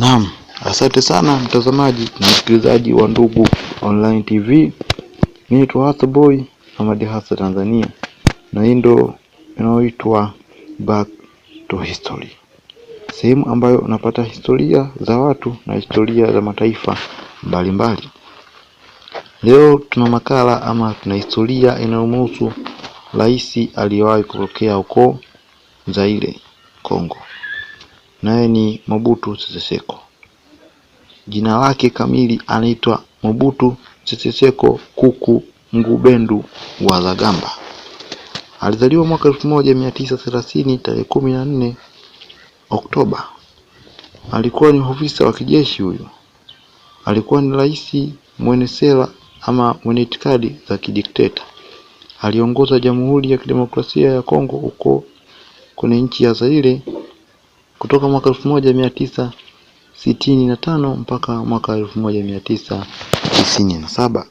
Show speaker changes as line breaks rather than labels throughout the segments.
Naam, asante sana mtazamaji na msikilizaji wa Ndugu Online TV. Mimi ni Hasa Boy Hamadi Hasa Tanzania, na hii ndo inaoitwa Back to History, sehemu ambayo unapata historia za watu na historia za mataifa mbalimbali mbali. Leo tuna makala ama tuna historia inayomhusu rais aliyewahi kutokea huko Zaire, Kongo naye ni Mobutu Sese Seko. Jina lake kamili anaitwa Mobutu Sese Seko Kuku Ngubendu wa Zagamba. Alizaliwa mwaka elfu moja mia tisa thelathini tarehe kumi na nne Oktoba. Alikuwa ni ofisa wa kijeshi huyu, alikuwa ni rais mwenye sera ama mwenye itikadi za kidikteta. Aliongoza Jamhuri ya Kidemokrasia ya Kongo huko kwenye nchi ya Zaire kutoka mwaka elfu moja mia tisa sitini na tano mpaka mwaka elfu moja mia tisa tisini na saba.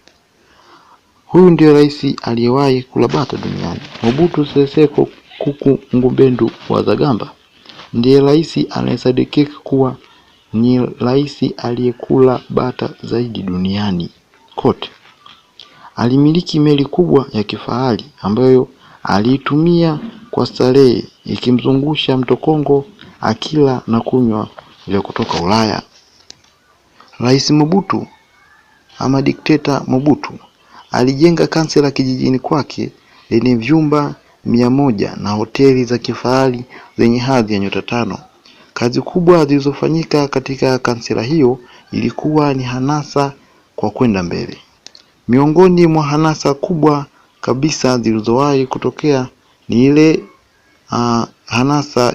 Huyu ndio rais aliyewahi kula bata duniani. Mobutu Seseko Kuku ngubendu wa Zagamba ndiye rais anayesadikika kuwa ni rais aliyekula bata zaidi duniani kote. Alimiliki meli kubwa ya kifahari ambayo aliitumia kwa starehe, ikimzungusha mto Kongo akila na kunywa vya kutoka Ulaya. Rais Mobutu ama dikteta Mobutu alijenga kansela la kijijini kwake lenye vyumba mia moja na hoteli za kifahari zenye hadhi ya nyota tano. Kazi kubwa zilizofanyika katika kansela hiyo ilikuwa ni hanasa kwa kwenda mbele. Miongoni mwa hanasa kubwa kabisa zilizowahi kutokea ni ile uh, hanasa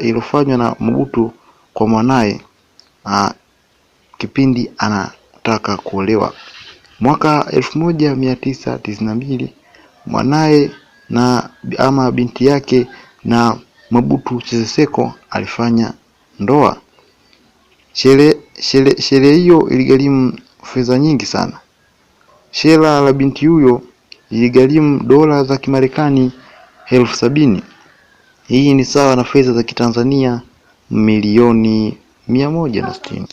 iliyofanywa na Mobutu kwa mwanaye uh, kipindi anataka kuolewa. Mwaka elfu moja mia tisa tisini na mbili mwanaye na ama binti yake na Mobutu Sese Seko alifanya ndoa. Sherehe hiyo iligharimu fedha nyingi sana. Shela la binti huyo iligharimu dola za Kimarekani elfu sabini. Hii ni sawa na fedha za Kitanzania milioni mia moja na sitini.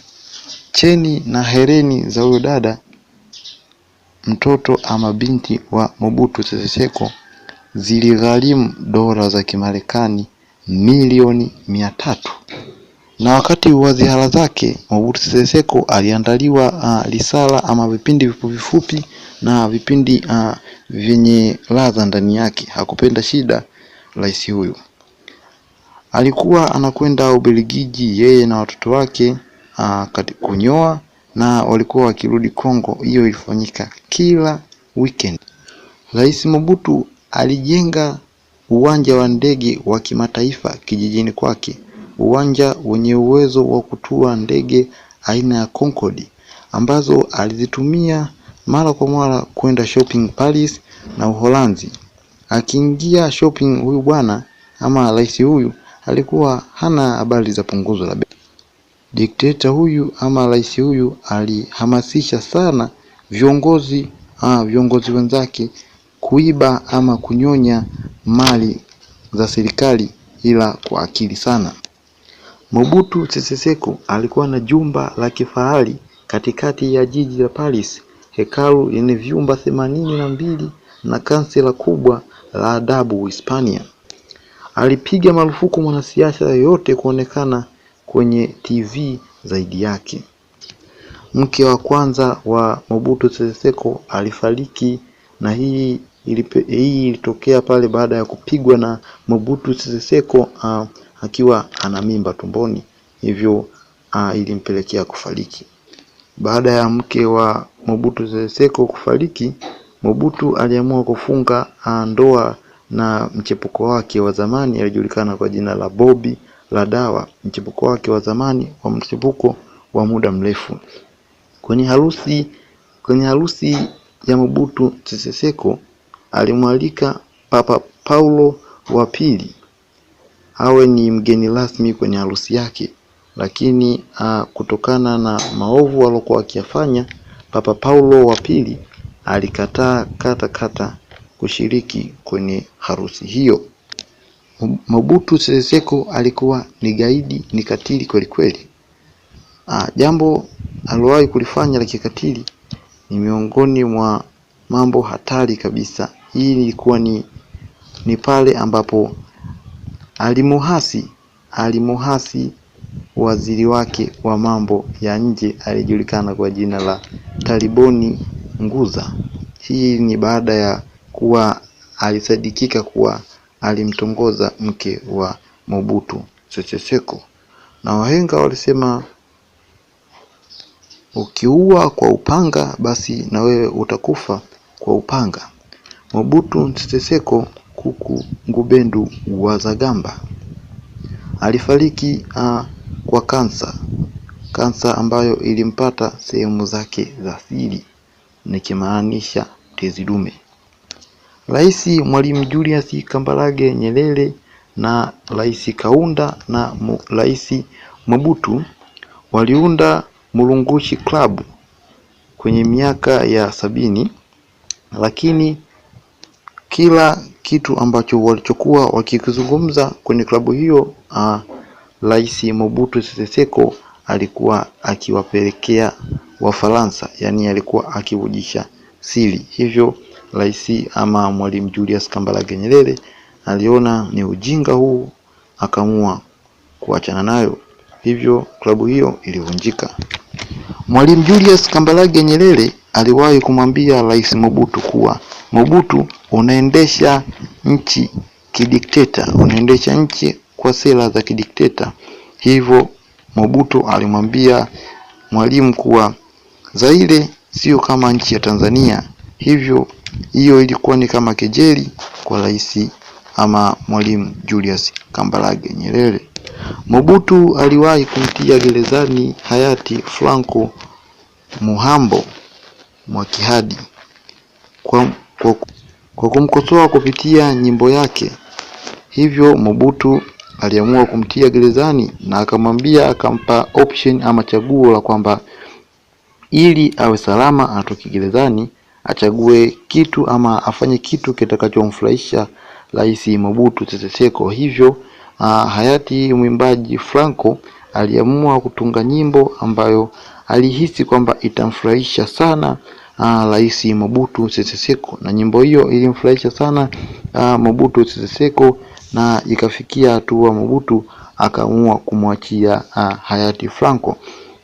Cheni na hereni za huyo dada mtoto ama binti wa Mobutu Sese Seko ziligharimu dola za Kimarekani milioni mia tatu. Na wakati wa ziara zake Mobutu Sese Seko aliandaliwa uh, risala ama vipindi vifupi vifupi na vipindi uh, vyenye ladha ndani yake. Hakupenda shida rais huyu. Alikuwa anakwenda Ubelgiji yeye na watoto wake aa, ah, kunyoa na walikuwa wakirudi Kongo. Hiyo ilifanyika kila weekend. Rais Mobutu alijenga uwanja wa ndege wa kimataifa kijijini kwake, uwanja wenye uwezo wa kutua ndege aina ya Concorde ambazo alizitumia mara kwa mara kwenda shopping Paris na Uholanzi. Akiingia shopping huyu bwana ama rais huyu alikuwa hana habari za punguzo la bei. Dikteta huyu ama rais huyu alihamasisha sana viongozi ah, viongozi wenzake kuiba ama kunyonya mali za serikali ila kwa akili sana. Mobutu Sese Seko alikuwa na jumba la kifahari katikati ya jiji la Paris hekalu yenye vyumba themanini na mbili na kansela kubwa la adabu Hispania. Alipiga marufuku mwanasiasa yoyote kuonekana kwenye TV zaidi yake. Mke wa kwanza wa Mobutu Sese Seko alifariki, na hii ilitokea pale baada ya kupigwa na Mobutu Sese Seko uh, ah, akiwa ana mimba tumboni, hivyo uh, ilimpelekea kufariki. Baada ya mke wa Mobutu Sese Seko kufariki, Mobutu aliamua kufunga ah, ndoa na mchepuko wake wa zamani alijulikana kwa jina la Bobby dawa mchepuko wake wa zamani wa mchepuko wa muda mrefu. Kwenye harusi kwenye harusi ya Mobutu Sese Seko alimwalika Papa Paulo wa pili awe ni mgeni rasmi kwenye harusi yake lakini a, ah, kutokana na maovu waliokuwa wakiyafanya, Papa Paulo wa pili alikataa kata kata kushiriki kwenye harusi hiyo. Mobutu Sese Seko alikuwa ni gaidi, ni katili kweli kweli. Ah, jambo aliowahi kulifanya la kikatili ni miongoni mwa mambo hatari kabisa. Hii ilikuwa ni, ni pale ambapo alimuhasi alimuhasi Waziri wake wa mambo ya nje alijulikana kwa jina la Taliboni Nguza. Hii ni baada ya kuwa alisadikika kuwa alimtongoza mke wa Mobutu Sese Seko, na wahenga walisema ukiua kwa upanga basi na wewe utakufa kwa upanga. Mobutu Sese Seko kuku ngubendu wa Zagamba alifariki a, ah, kwa kansa, kansa ambayo ilimpata sehemu zake za siri, nikimaanisha tezi dume. Rais Mwalimu Julius Kambarage Nyerere na Rais Kaunda na Rais Mobutu waliunda Murungushi Club kwenye miaka ya sabini, lakini kila kitu ambacho walichokuwa wakikizungumza kwenye klabu hiyo, uh, Rais Mobutu Sese Seko alikuwa akiwapelekea Wafaransa, yaani alikuwa akivujisha siri. Hivyo rais ama Mwalimu Julius Kambarage Nyerere aliona ni ujinga huu, akaamua kuachana nayo, hivyo klabu hiyo ilivunjika. Mwalimu Julius Kambarage Nyerere aliwahi kumwambia Rais Mobutu kuwa Mobutu, unaendesha nchi kidikteta, unaendesha nchi kwa sera za kidikteta. Hivyo Mobutu alimwambia Mwalimu kuwa Zaire sio kama nchi ya Tanzania, hivyo hiyo ilikuwa ni kama kejeli kwa rais ama Mwalimu Julius Kambarage Nyerere. Mobutu aliwahi kumtia gerezani hayati Franco Muhambo Mwakihadi kwa, kwa, kwa kumkosoa kupitia nyimbo yake. Hivyo Mobutu aliamua kumtia gerezani na akamwambia, akampa option ama chaguo la kwamba ili awe salama atoke gerezani achague kitu ama afanye kitu kitakachomfurahisha Rais Mobutu Sese Seko. Hivyo uh, hayati mwimbaji Franco aliamua kutunga nyimbo ambayo alihisi kwamba itamfurahisha sana uh, Rais Mobutu Sese Seko, na nyimbo hiyo ilimfurahisha sana uh, Mobutu Sese Seko na ikafikia hatua Mobutu akaamua kumwachia ah, hayati Franco.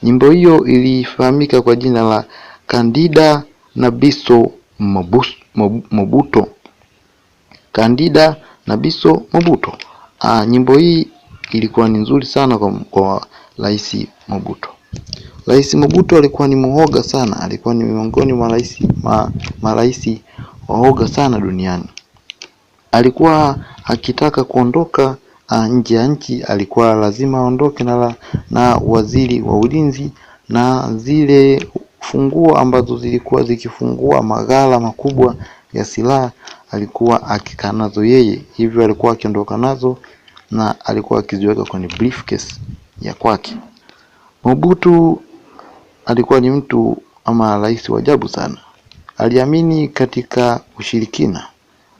Nyimbo hiyo ilifahamika kwa jina la Candida Nabiso Mobutu, Mobutu. Candida Nabiso mobuto Ah, nyimbo hii ilikuwa ni nzuri sana kwa, kwa Rais Mobutu. Rais Mobutu alikuwa ni mhoga sana, alikuwa ni miongoni mwa marais waoga sana duniani alikuwa akitaka kuondoka ah, nje ya nchi, alikuwa lazima aondoke na, na waziri wa ulinzi na zile funguo ambazo zilikuwa zikifungua maghala makubwa ya silaha alikuwa akikaa nazo yeye, hivyo alikuwa akiondoka nazo na alikuwa akiziweka kwenye briefcase ya kwake. Mobutu alikuwa ni mtu ama rais wa ajabu sana, aliamini katika ushirikina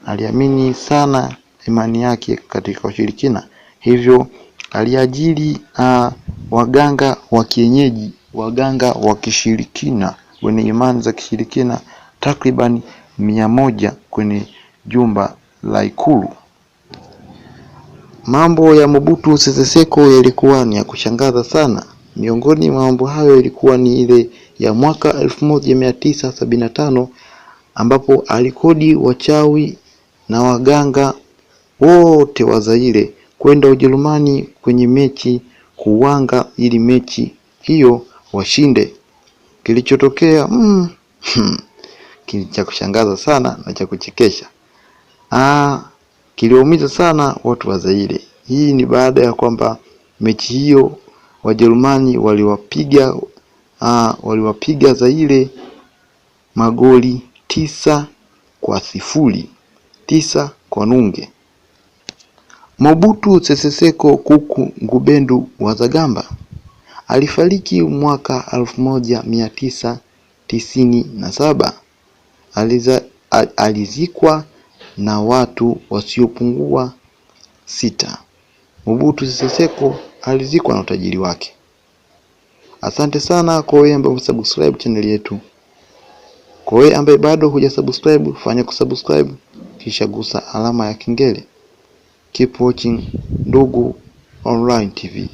aliamini sana imani yake katika ushirikina, hivyo aliajiri uh, waganga wa kienyeji, waganga wa kishirikina wenye imani za kishirikina takriban mia moja kwenye jumba la Ikulu. Mambo ya Mobutu Sese Seko yalikuwa ni ya kushangaza sana. Miongoni mwa mambo hayo ilikuwa ni ile ya mwaka 1975 ambapo alikodi wachawi na waganga wote wa Zaire kwenda Ujerumani kwenye mechi kuwanga ili mechi hiyo washinde. Kilichotokea mm, hmm, cha kushangaza sana na cha kuchekesha. Ah, kiliwaumiza sana watu wa Zaire. Hii ni baada ya kwamba mechi hiyo Wajerumani waliwapiga ah, waliwapiga Zaire magoli tisa kwa sifuri tisa kwa Nunge Mobutu Sese Seko Kuku Ngubendu wa Zagamba alifariki mwaka elfu moja mia tisa tisini na saba. Aliza, al, alizikwa na watu wasiopungua sita. Mobutu Sese Seko alizikwa na utajiri wake. Asante sana kwa wewe ambaye umesubscribe channel yetu. Kwa wewe ambaye bado hujasubscribe, fanya kusubscribe kisha gusa alama ya kengele. Keep watching Ndugu Online TV.